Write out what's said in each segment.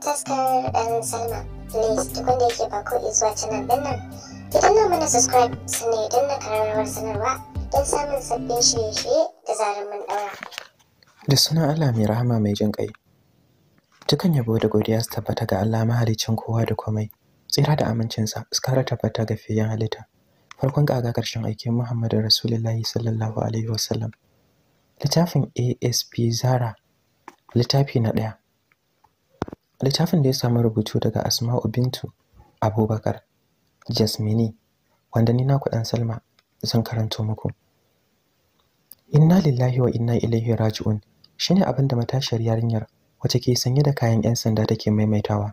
taskar salma please duk wanda ba subscribe kararrawar sanarwa samun sabbin shirye-shirye da zarar mun da suna allah mai rahama mai jin ƙai dukan yabo da godiya su tabbata ga allah mahalicin kowa da komai tsira da amincinsa su kara tabbata ga fiyan halitta farkon kaga ƙarshen aikin muhammadu rasulullahi sallallahu alaihi wasallam littafin asp zara littafi na ɗaya littafin da ya samu rubutu daga asma'u bintu abubakar jasmini wanda ni naku dan salma zan karanto muku inna lillahi wa inna ilaihi raji'un shine abin da matashiyar yarinyar wacce ke sanye da kayan yan sanda take maimaitawa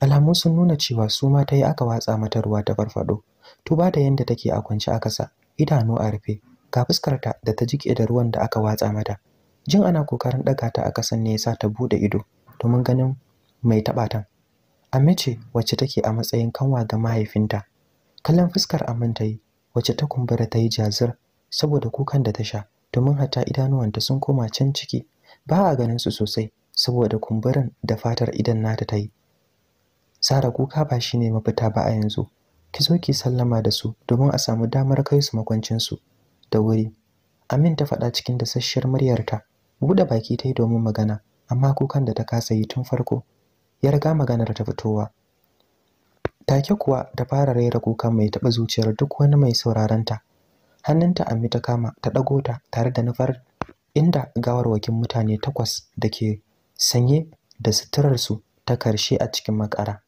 alamu sun nuna cewa su ma ta yi aka watsa mata ruwa ta farfado tuba da yadda take a kwance a kasa idanu a rufe ga fuskarta da ta jike da ruwan da aka watsa mata jin ana kokarin ɗaga ta a kasan ne ya sa ta buɗe ido domin ganin mai taɓa ta Amme ce wacce take a matsayin kanwa ga mahaifinta kallon fuskar aminta yi wacce ta kumbura ta yi jazir saboda kukan da ta sha domin hata idanuwanta sun koma can ciki ba a ganin su sosai saboda kumburin da fatar idan na ta yi Sara kuka ba shi ne mafita ba a yanzu ki zo ki sallama da su domin a samu damar kai su makwancinsu da wuri Amin ta faɗa cikin dasasshiyar muryarta buɗe baki ta yi domin magana amma kukan da ta kasa yi tun farko ya riga maganar ta fitowa take kuwa ta fara raira kuka mai taɓa zuciyar duk wani mai sauraron ta hannunta ammi ta kama ta ɗago ta tare da nufar inda gawarwakin mutane takwas da ke sanye da suturarsu ta karshe a cikin makara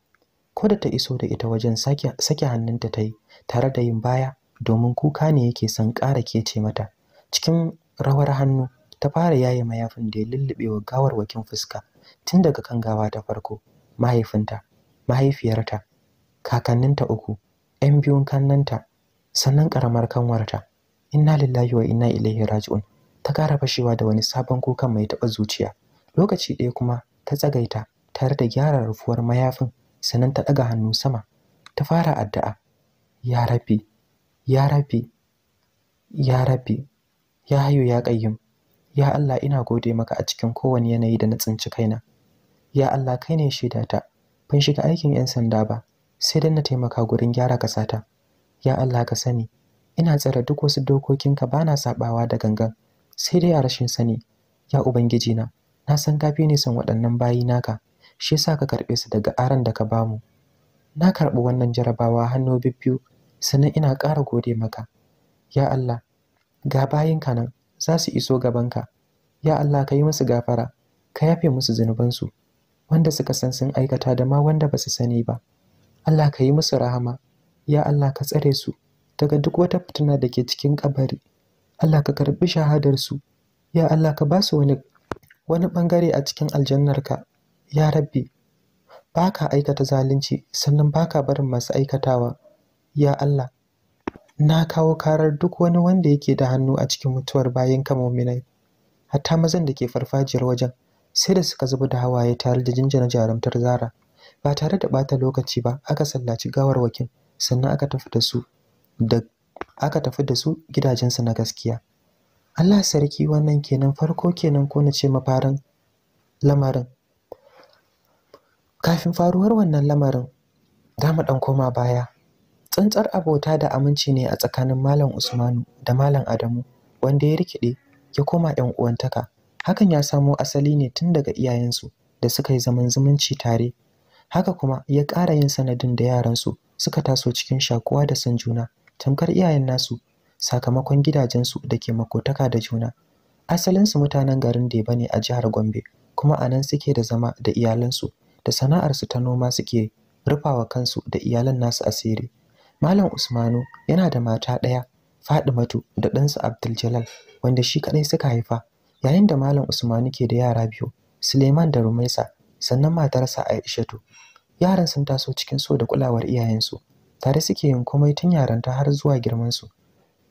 ko da ta iso da ita wajen sake hannunta ta yi tare da yin baya domin kuka ne yake san ƙara kece mata cikin rawar hannu ta fara yaye mayafin da ya lullube wa gawarwakin fuska tun daga kan gawa ta farko mahaifinta mahaifiyarta kakanninta uku 'yan biyun kannanta sannan karamar kanwarta inna lillahi wa inna ilaihi raji'un ta kara fashewa da wani sabon kukan mai taɓa zuciya lokaci ɗaya kuma ta tsagaita tare da gyara rufuwar mayafin sannan ta ɗaga hannu sama ta fara addu'a ya rabbi ya rabbi ya rabbi ya hayo ya ƙayyum. ya Allah ina gode maka a cikin kowane yanayi da na tsinci kaina ya Allah kai ne shaidata ban shiga aikin 'yan sanda ba sai dan na taimaka gurin gyara kasata ya Allah ka sani ina tsare duk wasu dokokinka bana sabawa da gangan sai dai a rashin sani ya ubangiji na na san kafi ne san waɗannan bayi naka shi yasa ka karɓe su daga aran da ka bamu na karɓi wannan jarabawa hannu bibbiyu sannan ina ƙara gode maka ya Allah ga bayinka nan za su iso gabanka ya Allah ka yi musu gafara ka yafe musu zunubansu wanda suka san sun aikata da ma wanda ba su sani ba Allah ka yi musu rahama ya Allah ka tsare su daga duk wata fitina da ke cikin kabari Allah ka karbi shahadarsu. ya Allah ka ba su wani wani bangare a cikin aljannarka ya rabbi ba ka aikata zalunci sannan ba ka barin masu aikatawa ya Allah na kawo karar duk wani wanda yake da hannu a cikin mutuwar bayan kamominai. hatta mazan da ke farfajiyar wajen sai da suka zubi da hawaye tare da jinjina jarumtar zara ba tare da bata lokaci ba aka sallaci gawar wakil, sannan aka tafi da su da gidajensu na gaskiya Allah sarki wannan kenan farko kenan ko na ce mafarin lamarin kafin faruwar wannan lamarin dama mu dan koma baya tsantsar abota da aminci ne a tsakanin malam Usmanu da malam Adamu wanda ya rikide ya koma 'yan uwantaka hakan ya samo asali ne tun daga iyayensu da suka yi zaman zumunci tare haka kuma ya ƙara yin sanadin da yaransu suka taso cikin shakuwa da son juna tamkar iyayen nasu sakamakon gidajensu da ke makotaka da juna asalinsu mutanen garin deba ne a jihar gombe kuma a nan suke da zama da iyalansu da sana'arsu ta noma suke rufawa kansu da iyalan nasu asiri malam usmanu yana da mata ɗaya fadimatu da ɗansu abdul wanda shi kaɗai suka haifa yayin da malam usmanu ke da yara biyu suleiman da rumaisa sannan matarsa aishatu yaran sun taso cikin so da kulawar iyayensu tare suke yin komai tun yaranta har zuwa girmansu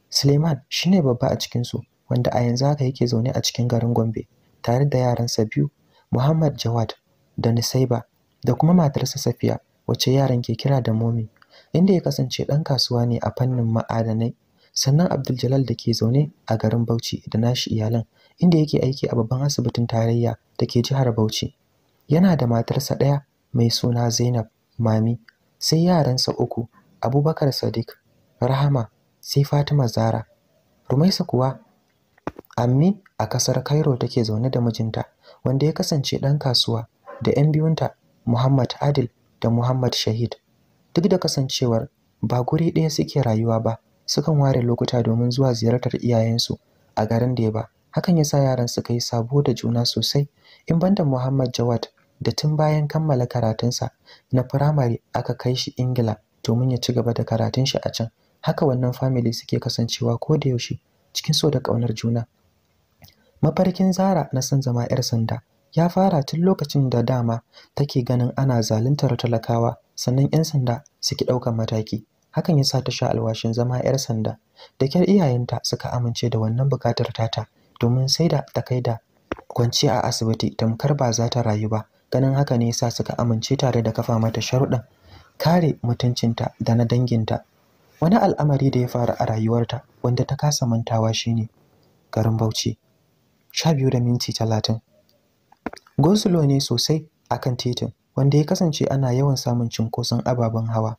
suleiman shine babba a cikinsu wanda a yanzu haka yake zaune a cikin garin gombe tare da yaransa biyu muhammad jawad da nisaiba da kuma matarsa safiya wacce yaran ke kira da momi inda ya kasance ɗan kasuwa ne a fannin ma'adanai sannan Abdul da ke zaune a garin Bauchi da nashi iyalan inda yake aiki a babban asibitin tarayya da ke jihar Bauchi. Yana da matarsa ɗaya mai suna Zainab Mami, sai yaransa uku Abubakar Sadiq, Rahama, sai Fatima Zara. Rumaisa kuwa Ammi a kasar Cairo take zaune da mijinta wanda ya kasance ɗan kasuwa da 'yan biyunta Muhammad Adil da Muhammad Shahid. Duk da kasancewar ba guri ɗaya suke rayuwa ba, sukan ware lokuta domin zuwa ziyartar iyayensu a garin da ya ba, Hakan ya sa yaran suka yi sabo da juna sosai. In banda Muhammad Jawad da tun bayan kammala karatunsa na firamare aka kai shi Ingila domin ya ci gaba da karatun shi a can. Haka wannan famili suke kasancewa ko da yaushe cikin so da ƙaunar juna. Mafarkin Zara na son zama 'yar sanda ya fara tun lokacin da dama take ganin ana zaluntar talakawa sannan 'yan sanda suke ɗaukar mataki. hakan ya sa ta sha alwashin zama 'yar sanda da kyar iyayenta suka amince da wannan bukatar tata domin sai da ta kai da kwanci a asibiti tamkar ba za ta rayu ba ganin haka ne sa suka amince tare da kafa mata sharuɗan kare mutuncinta da na danginta wani al'amari da ya faru a rayuwarta wanda ta kasa mantawa shine garin Bauchi sha biyu da minti talatin gosulo ne sosai akan titin wanda ya kasance ana yawan samun cinkoson ababen hawa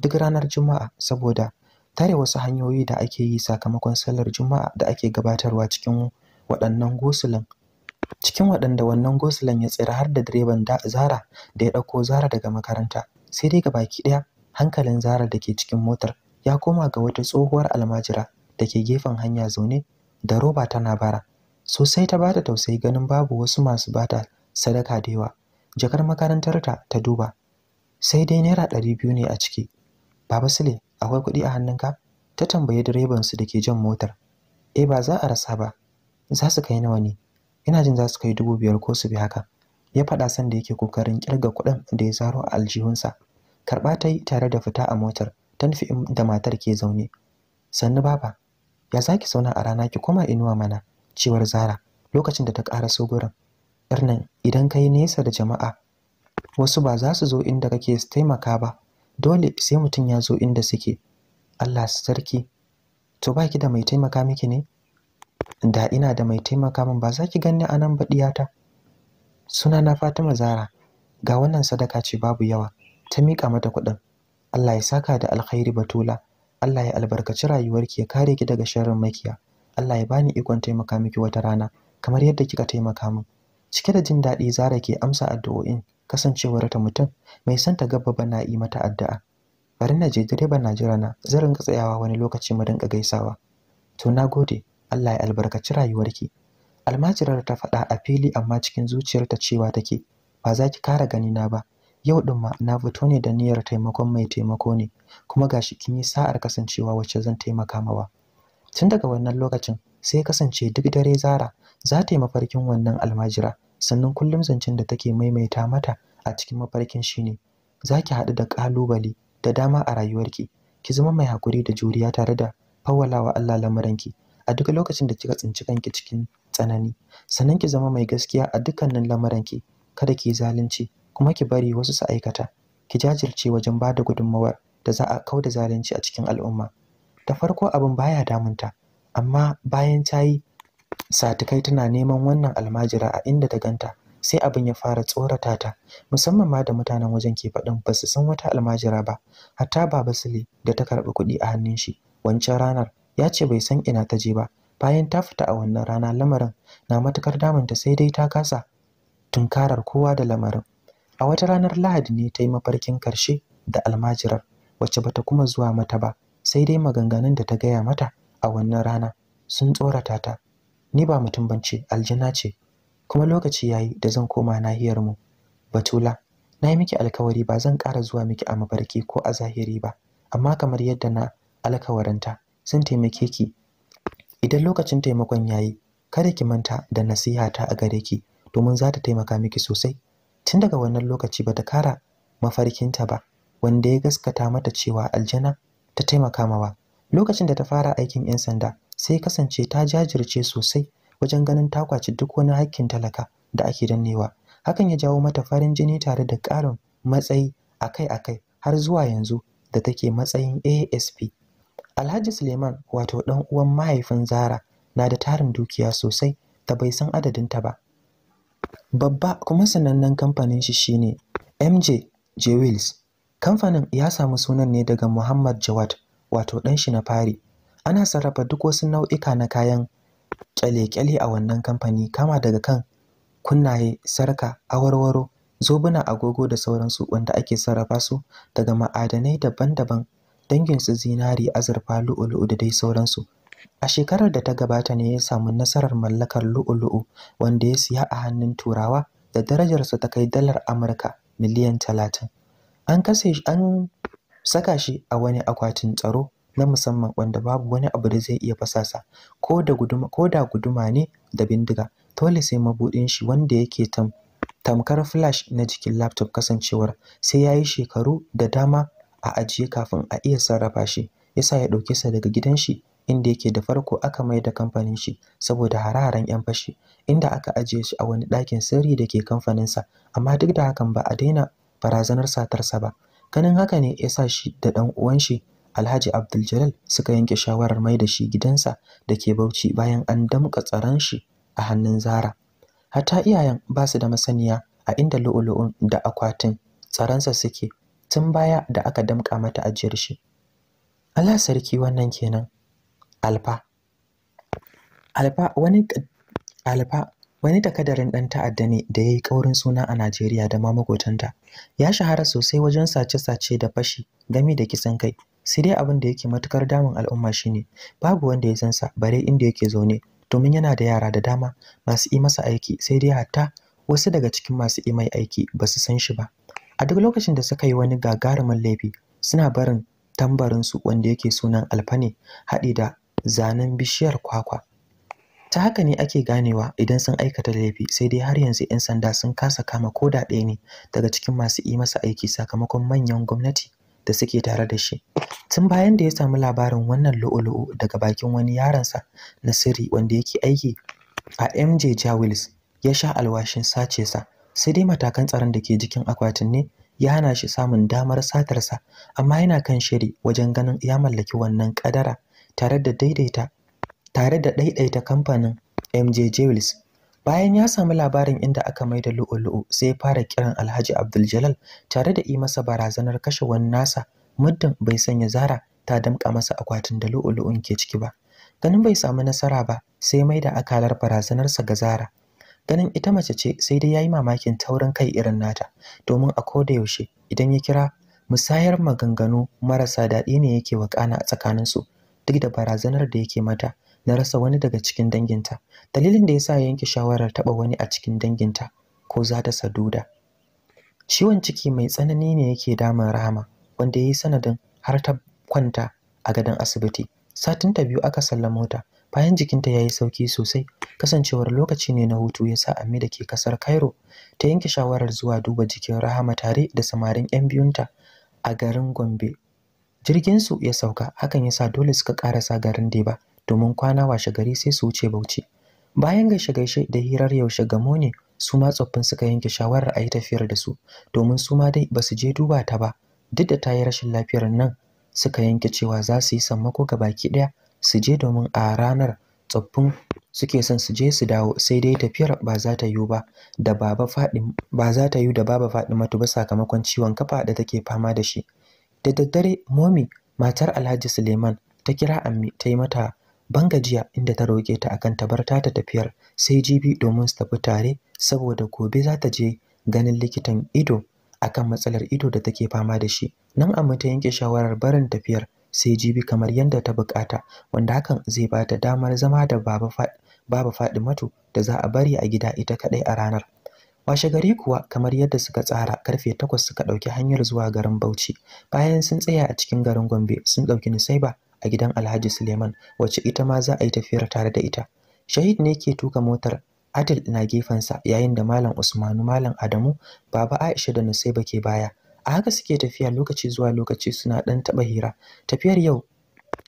duk ranar Juma'a saboda tare wasu hanyoyi da ake yi sakamakon sallar Juma'a da ake gabatarwa cikin waɗannan gosulin Cikin waɗanda wannan gosulin ya tsira har da direban Zara da ya ɗauko Zara daga makaranta. Sai dai ki ɗaya hankalin Zara da ke cikin motar ya koma ga wata tsohuwar almajira da ke gefen hanya zaune da roba tana bara. Sosai ta bata tausayi ganin babu wasu masu bata sadaka da yawa. Jakar makarantarta ta duba. Sai dai naira ɗari biyu ne a ciki. Baba Sule, akwai kuɗi a hannunka? Ta tambayi direban su da ke jan motar. Eh ba za a rasa ba. Za su kai nawa ne? Ina jin za su kai dubu biyar ko su bi haka. Ya faɗa sanda yake kokarin kirga kuɗin da ya zaro a aljihunsa. Karɓa ta yi tare da fita a motar, ta nufi da matar ke zaune. Sannu baba, ya za ki zauna a rana ki koma inuwa mana, cewar Zara lokacin da ta ƙara so gurin. Irnan idan ka yi nesa da jama'a, wasu ba za su zo inda kake taimaka ba dole sai mutum ya zo inda suke Allah sarki to ba ki da mai taimaka miki ne da ina da mai taimaka min ba za ki ganni a nan ba suna na Fatima Zara ga wannan sadaka ce babu yawa ta miƙa mata kuɗin Allah ya saka da alkhairi batula Allah ya albarkaci rayuwarki ya kare ki daga sharrin makiya Allah ya bani ikon taimaka miki wata rana kamar yadda kika taimaka min cike da jin daɗi Zara ke amsa addu'o'in kasancewar ta mutum mai son ta gaba bana yi mata addu'a bari na je direban na jira na zan rinka tsayawa wani lokaci mu dinga gaisawa to nagode Allah ya albarkaci rayuwarki almajirar ta faɗa a fili amma cikin zuciyarta cewa take ba za ki kara gani na ba yau din ma na fito ne da niyyar taimakon mai taimako ne kuma gashi kin yi sa'ar kasancewa wacce zan taimaka mawa tun daga wannan lokacin sai kasance duk dare Zara za ta yi mafarkin wannan almajira sannan kullum zancen da take maimaita mata a cikin mafarkin shine za ki haɗu da ƙalubale da dama a rayuwarki ki zama mai haƙuri da juriya tare da fawwalawa Allah lamuranki a duk lokacin da kika tsinci kanki cikin tsanani sannan ki zama mai gaskiya a dukkanin lamuranki kada ki zalunci kuma ki bari wasu su aikata ki jajirce wajen bada gudunmawar da za a kauda zalunci a cikin al'umma da farko abin baya damunta amma bayan ta yi satikai tana neman wannan almajira a inda ta ganta sai abin ya fara tsorata ta musamman ma da mutanen wajen ke faɗin ba su san wata almajira ba hatta baba sule da ta karɓi kuɗi a hannun shi wancan ranar ya ce bai san ina ta je ba bayan ta fita a wannan rana lamarin na matukar damunta sai dai ta kasa tunkarar kowa da lamarin a wata ranar lahadi ne ta yi mafarkin karshe da almajirar wacce bata kuma zuwa mata ba sai dai maganganun da ta gaya mata a wannan rana sun tsorata ta ni ba mutum bance aljana ce kuma lokaci yayi da zan koma nahiyar mu batula na yi miki alkawari ba zan ƙara zuwa miki a mabarki ko a zahiri ba amma kamar yadda na alkawaranta zan taimake ki idan lokacin taimakon yayi kada ki manta da nasihata a gare ki domin za ta taimaka miki sosai tun daga wannan lokaci bata kara mafarkinta ba wanda ya gaskata mata cewa aljana ta taimaka mawa lokacin da ta fara aikin 'yan sanda sai kasance ta jajirce sosai wajen ganin ta kwaci duk wani hakkin talaka da ake dannewa hakan ya jawo mata farin jini tare da ƙarin matsayi akai-akai har zuwa yanzu da take matsayin ASP Alhaji Suleiman wato dan uwan mahaifin Zara na da tarin dukiya sosai da bai san adadin ta ba babba kuma sanannen kamfanin shi shine MJ Jewels kamfanin ya samu sunan ne daga Muhammad Jawad wato dan shi na fari ana sarrafa duk wasu nau'ika na kayan kyale-kyale a wannan kamfani kama daga kan kunnaye sarka awarwaro zobuna agogo da sauransu wanda ake sarrafa su daga ma'adanai daban-daban danginsu zinari azurfa lu'ulu'u da dai sauransu a shekarar da ta gabata ne ya samu nasarar mallakar lu'ulu'u wanda ya siya a hannun turawa da darajarsa ta kai dalar amurka miliyan talatin an saka shi a wani akwatin tsaro na musamman wanda babu wani abu da zai iya fasasa, sa ko da guduma ne da bindiga dole sai mabudin shi wanda yake tam tamkar flash na jikin laptop kasancewar sai ya yi shekaru da dama a ajiye kafin a iya sarrafa shi yasa ya dauke sa daga gidan shi inda yake da farko aka mai da kamfanin shi saboda hararen 'yan fashi inda aka ajiye shi a wani ɗakin sirri da ke sa amma duk da hakan ba a daina barazanar satarsa ba ganin haka ne ya sa shi da ɗan uwan shi Alhaji Abdul suka yanke shawarar mai da shi gidansa da ke Bauchi bayan an damƙa tsaron shi a hannun Zara. Hata iyayen ba su da masaniya a inda lu'ulu'un da akwatin tsaronsa suke tun baya da aka damƙa mata ajiyar shi. Allah sarki wannan kenan. Alfa. Alfa wani Alfa wani takadarin ɗan ta'adda ne da ya yi ƙaurin suna a Najeriya da ma makotanta. Ya shahara sosai wajen sace-sace da fashi game da kisan kai sai dai abin da yake matukar damun al'umma shine babu wanda ya san sa bare inda yake zaune domin yana da yara da dama masu yi masa aiki sai dai hatta wasu daga cikin masu yi mai aiki ba su san shi ba a duk lokacin da suka yi wani gagarumin laifi suna barin tambarin su wanda yake sunan alfane haɗi da zanen bishiyar kwakwa ta haka ne ake ganewa idan sun aikata laifi sai dai har yanzu 'yan sanda sun kasa kama ko da ɗaya ne daga cikin masu yi masa aiki sakamakon manyan gwamnati da suke tare da shi tun bayan da ya samu labarin wannan lu'ulu'u daga bakin wani yaransa na sirri wanda yake aiki a MJ Jawils ya sha alwashin sace sa sai dai matakan tsaron da ke jikin akwatin ne ya hana shi samun damar satarsa amma yana kan shiri wajen ganin ya mallaki wannan kadara tare da daidaita tare da daidaita kamfanin MJ Jewels Bayan ya samu labarin inda aka maida lu'u-lu'u sai ya fara kiran Alhaji Abdul tare da yi masa barazanar kashe wani nasa muddin bai sanya Zara ta damƙa masa akwatin da lu'u-lu'un ke ciki ba. Ganin bai samu nasara ba sai mai da akalar barazanarsa ga Zara. Ganin ita mace ce sai dai ya yi mamakin taurin kai irin nata domin a ko da yaushe idan ya kira musayar maganganu marasa daɗi ne yake wakana a tsakaninsu duk da barazanar da yake mata na rasa wani daga cikin danginta dalilin da ya sa yanke shawarar taɓa wani a cikin danginta ko za ta saduda ciwon ciki mai tsanani ne yake damun rahama wanda ya yi sanadin har ta kwanta a gadon asibiti Satin satinta biyu aka salla ta bayan jikinta ya yi sauki sosai kasancewar lokaci ne na hutu ya sa Ami da ke kasar cairo ta yanke shawarar zuwa duba jikin rahama tare da samarin 'yan biyunta a garin gombe jirginsu ya sauka hakan ya sa dole suka karasa garin deba domin kwana washe gari sai su wuce bauchi bayan gaishe-gaishe da hirar yaushe gamo ne su ma tsoffin suka yanke shawarar a yi tafiyar da su domin su ma dai ba su je duba ta ba duk da ta yi rashin lafiyar nan suka yanke cewa za su yi sammako ga baki ɗaya su je domin a ranar tsoffin suke son su je su dawo sai dai tafiyar ba za ta yiwu ba da baba faɗi ba za ta yiwu da baba faɗi matu ba sakamakon ciwon kafa da take fama da shi da daddare momi matar alhaji suleiman ta kira ammi ta yi mata ban gajiya inda ta roƙe ta akan ta bar ta tafiyar sai jibi domin su tafi tare saboda gobe za ta je ganin likitan ido akan matsalar ido da take fama da shi nan amma ta yanke shawarar barin tafiyar sai jibi kamar yadda ta bukata wanda hakan zai ba ta damar zama da baba baba Fadimatu da za a bari a gida ita kadai a ranar washe gari kuwa kamar yadda suka tsara karfe takwas suka ɗauki hanyar zuwa garin Bauchi bayan sun tsaya a cikin garin Gombe sun ɗauki Nusaiba a gidan Alhaji Suleiman wacce ita ma za a yi tafiyar tare da ita. Shahid ne ke tuka motar Adil na gefensa yayin da Malam Usmanu Malam Adamu Baba Aisha da Nusaiba ke baya. A haka suke tafiya lokaci zuwa lokaci suna ɗan taɓa hira. Tafiyar yau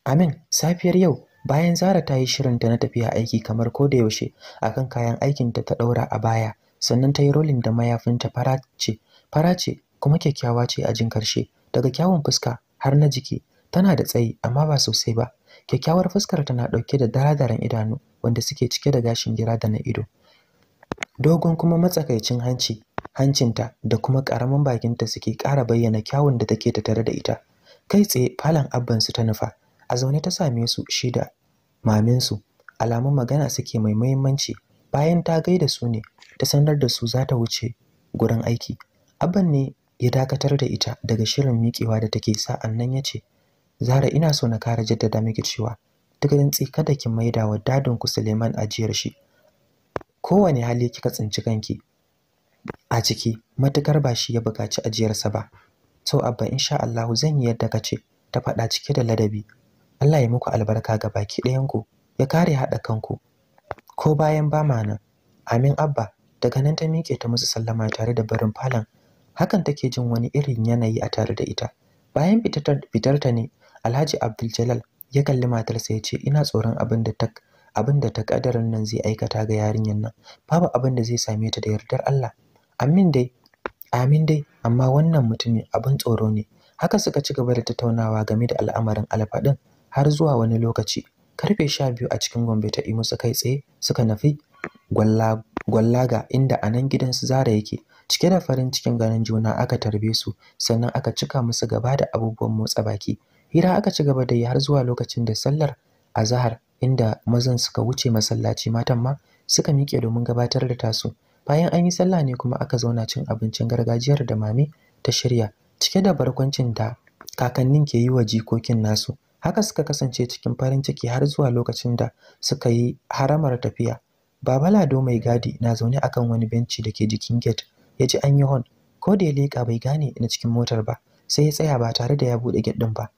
Amin safiyar yau bayan Zara ta yi shirin ta na tafiya aiki kamar ko da yaushe akan kayan aikinta ta ɗaura a baya sannan ta yi rolin da mayafinta fara ce fara ce kuma kyakkyawa ce a jin karshe daga kyawun fuska har na jiki tana da tsayi amma ba sosai ba kyakkyawar fuskar tana ɗauke da daradaran idanu wanda suke cike da gashin gira da na ido dogon kuma matsakaicin hanci hancinta da kuma ƙaramin bakinta suke ƙara bayyana kyawun da take tattare da ita kai tsaye falon abbansu ta nufa a zaune ta same su shi da maminsu alamun magana suke mai muhimmanci bayan ta gaida su ne ta sanar da su za ta wuce gurin aiki abban ne ya dakatar da ita daga shirin miƙewa da take sa'an nan ya ce Zara ina so na kara jaddada miki cewa duk rintsi kada ki maida wa dadin ku Suleiman ajiyar shi. Kowane hali kika tsinci kanki a ciki matukar ba shi ya buƙaci ajiyarsa ba. To abba insha Allah, zan yi yadda kace ta faɗa cike da ladabi. Allah ya muku albarka ga baki ɗayan ku. ya kare haɗa kanku. Ko bayan ba ma nan. Amin abba daga nan ta miƙe ta musu sallama tare da barin falon. Hakan take jin wani irin yanayi a tare da ita. Bayan fitar ta ne Alhaji Abdul ya kalli matarsa ya ce ina tsoron abin da ta abin da kadarin nan zai aikata ga yarinyar nan babu abin da zai same ta da yardar Allah amin dai amin dai amma wannan mutumin abin tsoro ne haka suka ci gaba da tattaunawa game da al'amarin alfaɗin har zuwa wani lokaci karfe sha biyu a cikin gombe ta imu suka kai tsaye suka nafi gwallaga inda anan gidan su zara yake cike da farin cikin ganin juna aka tarbe su sannan aka cika musu gaba da abubuwan motsa baki hira aka ci gaba da yi har zuwa lokacin da sallar a zahar inda mazan suka wuce masallaci matan ma suka miƙe domin gabatar da tasu bayan an yi sallah ne kuma aka zauna cin abincin gargajiyar da mame ta shirya cike da barkwancin da kakannin ke yi wa jikokin nasu haka suka kasance cikin farin ciki har zuwa lokacin da suka yi haramar tafiya baba lado mai gadi na zaune akan wani benci da ke jikin gate ya ji an yi hon ko da ya leƙa bai gane na cikin motar ba sai ya tsaya ba tare da ya buɗe gate ɗin ba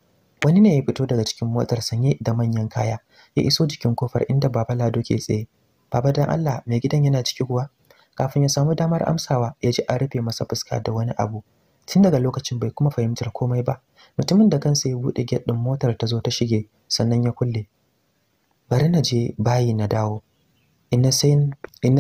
wani ne ya fito daga cikin motar sanye da manyan kaya ya iso jikin kofar inda baba lado ke tsaye baba dan allah mai gidan yana ciki kuwa kafin ya samu damar amsawa ya ji a rufe masa fuska da wani abu tun daga lokacin bai kuma fahimtar komai ba mutumin da kansa ya buɗe gate ɗin motar ta zo ta shige sannan ya kulle bari na je bayi na dawo in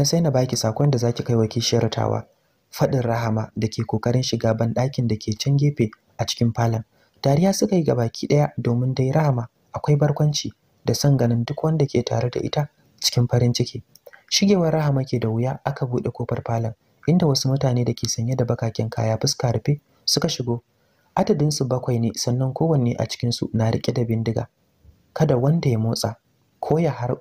sai na baki sakon da zaki kai wa kishiyar tawa faɗin rahama da ke kokarin shiga ban ɗakin da ke can gefe a cikin falon dariya suka yi gabaki ɗaya domin dai rahama akwai barkwanci da son ganin duk wanda ke tare da ita cikin farin ciki shigewar rahama ke da wuya aka buɗe kofar falon inda wasu mutane da ke sanye da bakaken kaya fuska rufe suka shigo adadinsu bakwai ne sannan kowanne a cikinsu na riƙe da bindiga kada wanda ya motsa ko ya har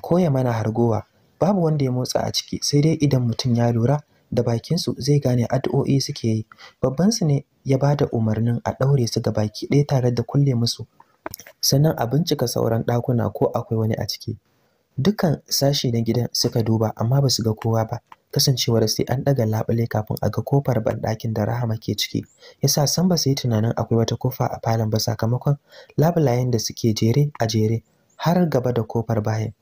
ko ya mana hargowa babu wanda ya motsa a ciki sai dai idan mutum ya lura da bakinsu zai gane addu'o'i suke yi babbansu ne ya ba da umarnin a ɗaure su ga baki ɗaya tare da kulle musu sannan a bincika sauran ɗakuna ko akwai wani a ciki dukan sashi na gidan suka duba amma ba su ga kowa ba kasancewar sai an ɗaga labule kafin a ga kofar banɗakin da rahama ke ciki yasa san ba su yi tunanin akwai wata kofa a falon ba sakamakon labulayen da suke jere a jere har gaba da kofar bayan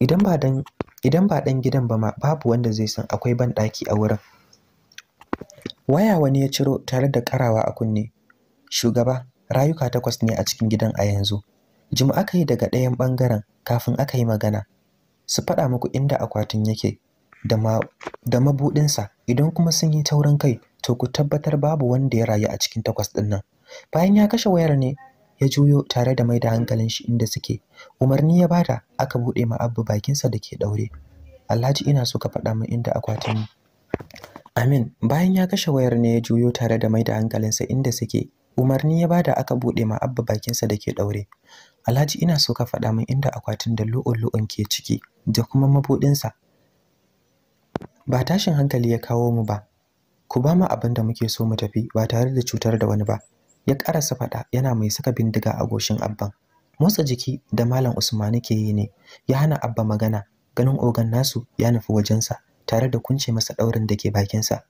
idan ba dan idan ba ɗan gidan ba ma babu wanda zai san akwai ban ɗaki a wurin waya wani ya ciro tare da karawa a kunne shugaba rayuka takwas ne a cikin gidan a yanzu jim aka yi daga ɗayan ɓangaren kafin aka yi magana su faɗa muku inda akwatin yake da mabuɗinsa idan kuma sun yi taurin kai to ku tabbatar babu wanda ya rayu a cikin takwas ɗin nan bayan ya kashe wayar ne ya juyo tare da mai da hankalin shi inda suke umarni ya bada aka bude ma abu bakinsa da ke daure alhaji ina so ka faɗa min inda akwatin amin bayan ya kashe wayar ne ya juyo tare da mai da hankalinsa inda suke umarni ya bada aka bude ma abu bakinsa da ke daure alhaji ina so ka faɗa min inda akwatin da luun ke ciki da kuma mabuɗinsa ba tashin hankali ya kawo mu ba ku ba mu abin da muke so mu tafi ba tare da cutar da wani ba ya karasa faɗa yana mai saka bindiga a goshin abban motsa jiki da malam usmani ke yi ne ya hana abba magana ganin ogan nasu ya nufi wajensa tare da kunce masa ɗaurin da ke bakinsa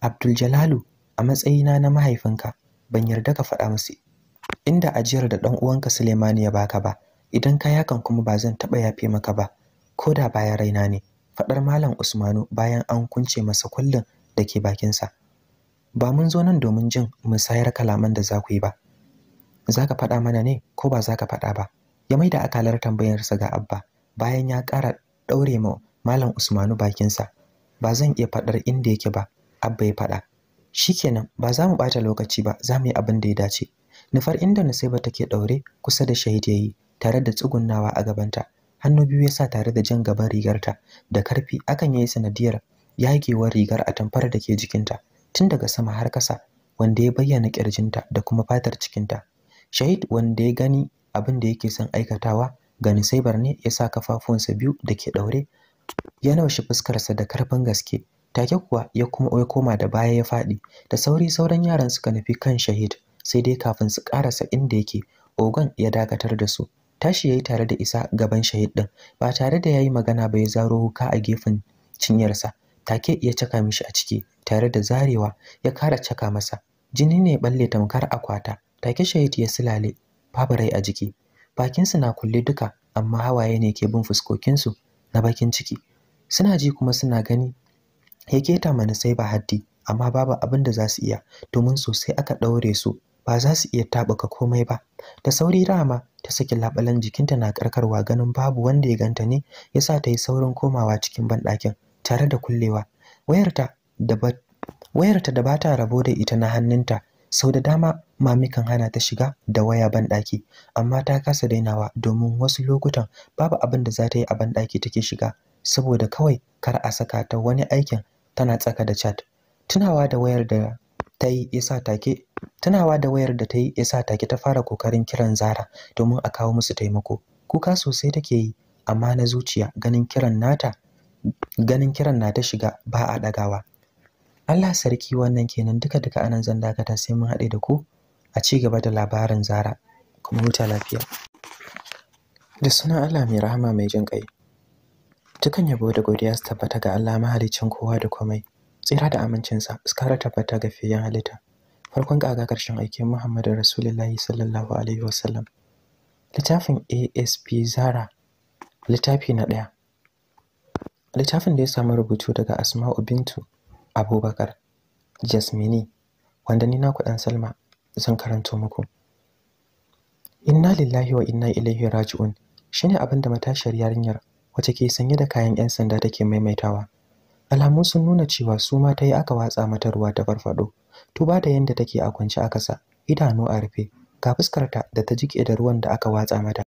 abdul jalalu a matsayina na mahaifinka ban yarda ka faɗa musu inda ajiyar da ɗan uwanka suleimani ya baka ba idan ka yakan kuma ba zan taɓa yafe maka ba ko da baya raina ne faɗar malam usmanu bayan an kunce masa kullum da ke bakinsa ba mun zo nan domin jin musayar kalaman da za ku yi ba za ka faɗa mana ne ko ba za ka faɗa ba ya mai da akalar tambayarsa ga abba bayan ya ƙara ɗaure ma malam usmanu bakinsa ba zan iya faɗar inda yake ba abba ya faɗa shikenan ba za mu ɓata lokaci ba za mu yi abin da ya dace nufar inda nusaiba take ɗaure kusa da shahid yi, tare da tsugunnawa a gabanta hannu biyu ya sa tare da jan gaban rigarta da karfi akan yi sanadiyar yagewar rigar a tamfar da ke jikinta tun daga sama har ƙasa wanda ya bayyana ƙirjinta da kuma fatar cikinta shahid wanda ya gani abin da yake son aikatawa gani sai barne ya sa kafafunsa biyu da ke ɗaure ya naushi fuskarsa da karfin gaske take kuwa ya kuma ya koma da baya ya faɗi da sauri sauran yaran suka nufi kan shahid sai dai kafin su ƙarasa inda yake ogon ya dakatar da su tashi yayi tare da isa gaban shahid ɗin, ba tare da ya yi magana ba ya zaro wuka a gefen cinyarsa take iya caka mishi a ciki tare da zarewa ya kara caka masa jini ne balle tamkar akwata take shahid ya silale babu rai a jiki bakinsu na kulle duka amma hawaye ne ke bin fuskokinsu na bakin ciki suna ji kuma suna gani ya keta mana sai ba haddi amma babu abin da za su iya domin sosai aka ɗaure su ba za su iya taɓuka komai ba da sauri rama ta saki labalan jikinta na karkarwa ganin babu wanda ya ganta ne yasa ta yi saurin komawa cikin banɗakin tare da kullewa wayarta da ba wayarta bata rabo da ita na hannunta sau da dama mamikan hana ta shiga da waya banɗaki amma ta kasa dainawa domin wasu lokutan babu abin da za ta yi a banɗaki take shiga saboda kawai kar a saka ta wani aikin tana tsaka da chat tunawa da wayar da ta yi yasa take ta take ta fara kokarin kiran Zara domin a kawo musu taimako kuka sosai take yi amma na zuciya ganin kiran nata ganin kiran na ta shiga ba a ɗagawa Allah sarki wannan kenan duka duka anan zan dakata sai mun haɗe da ku a ci gaba da labarin Zara kuma huta lafiya da sunan Allah mai rahama mai jin ƙai. dukan yabo da godiya su tabbata ga Allah mahaliccin kowa da komai tsira da amincinsa su kara tabbata ga fiyan halitta farkon kaga ƙarshen aikin Muhammadu Rasulullahi sallallahu alaihi wasallam littafin ASP Zara littafi na ɗaya littafin da ya samu rubutu daga asma'u bintu abubakar jasmini wanda ni naku dan salma zan karanto muku inna lillahi wa inna ilaihi raji'un shine abin da matashiyar yarinyar wacce ke sanye da kayan yan sanda take maimaitawa alamu sun nuna cewa su ma ta yi aka watsa mata ruwa ta farfado tuba da yanda take a kwance a kasa idanu a rufe ga fuskarta da ta jike da ruwan da aka watsa mata